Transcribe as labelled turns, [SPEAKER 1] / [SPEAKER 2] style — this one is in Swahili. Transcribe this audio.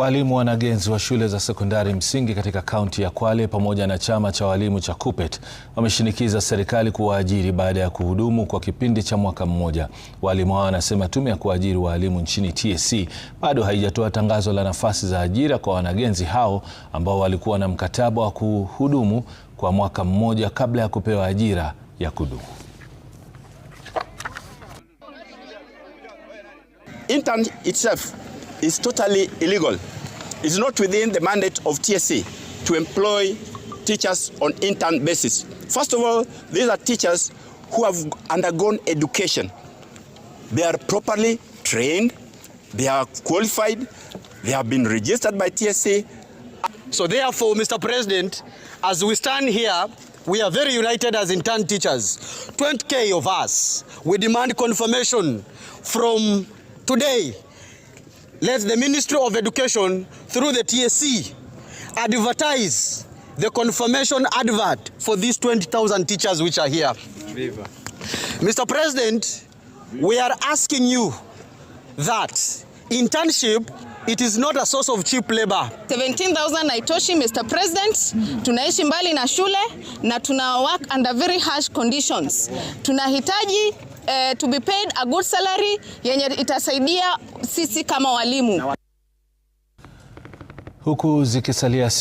[SPEAKER 1] Walimu wanagenzi wa shule za sekondari msingi katika kaunti ya Kwale pamoja na chama cha walimu cha KUPPET wameshinikiza serikali kuwaajiri baada ya kuhudumu kwa kipindi cha mwaka mmoja. Walimu hao wanasema tume ya kuajiri walimu nchini TSC bado haijatoa tangazo la nafasi za ajira kwa wanagenzi hao ambao walikuwa na mkataba wa kuhudumu kwa mwaka mmoja kabla ya kupewa ajira ya kudumu.
[SPEAKER 2] Intern itself is totally illegal. It's not within the mandate of TSC to employ teachers on intern basis. First of all, these are teachers who have undergone education. They are properly trained, they are qualified, they have been registered by TSC.
[SPEAKER 3] So therefore, Mr. President, as we stand here, we are very united as intern teachers. 20K of us. We demand confirmation from today let the Ministry of Education through the TSC advertise the confirmation advert for these 20,000 teachers which are here. Viva. Mr. President, we are asking you that internship it is not a source of cheap labor.
[SPEAKER 4] 17,000 naitoshi Mr. President. Tunaishi mbali na shule na tuna work under very harsh conditions. Tunahitaji eh, to be paid a good salary yenye itasaidia sisi kama walimu huku zikisalia